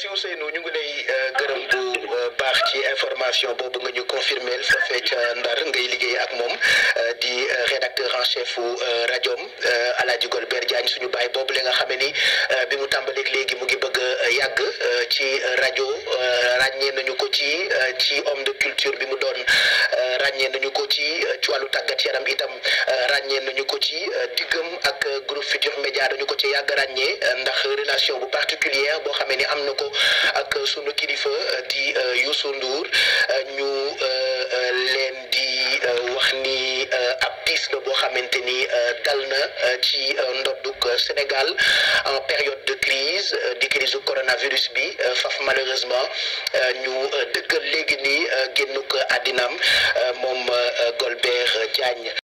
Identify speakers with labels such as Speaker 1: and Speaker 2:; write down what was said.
Speaker 1: merci Ousseynou ñu ngi lay euh, gërëm bu euh, baax ci information boobu nga ñu confirmeel fa fecc Ndar ngay liggéey ak moom euh, di rédacteur en chef u rajoom Alaaji Golbert Diagne suñu baay boobu la nga xamee ni ci euh, rajo euh, ràññee nañu ko ci euh, ci homme de culture bi mu doon ràññee nañu ko ci ci wàllu tàggat yaram itam ràññee nañu ko ci diggam ak groupe Futurs Médias dañu ko ci yàgg ràññee ndax relation bu particulière boo xamee ni am na ko ak sunu kilifa di Youssou Ndour ñu leen di wax ni ab tiis la boo xamante ni dal na ci ndoddug Sénégal en période de crise crise coronavirus bi euh, faf malheureusement euh, ñu euh, dëggal léegi nii génnuk àddinaam moom Golbert Diagne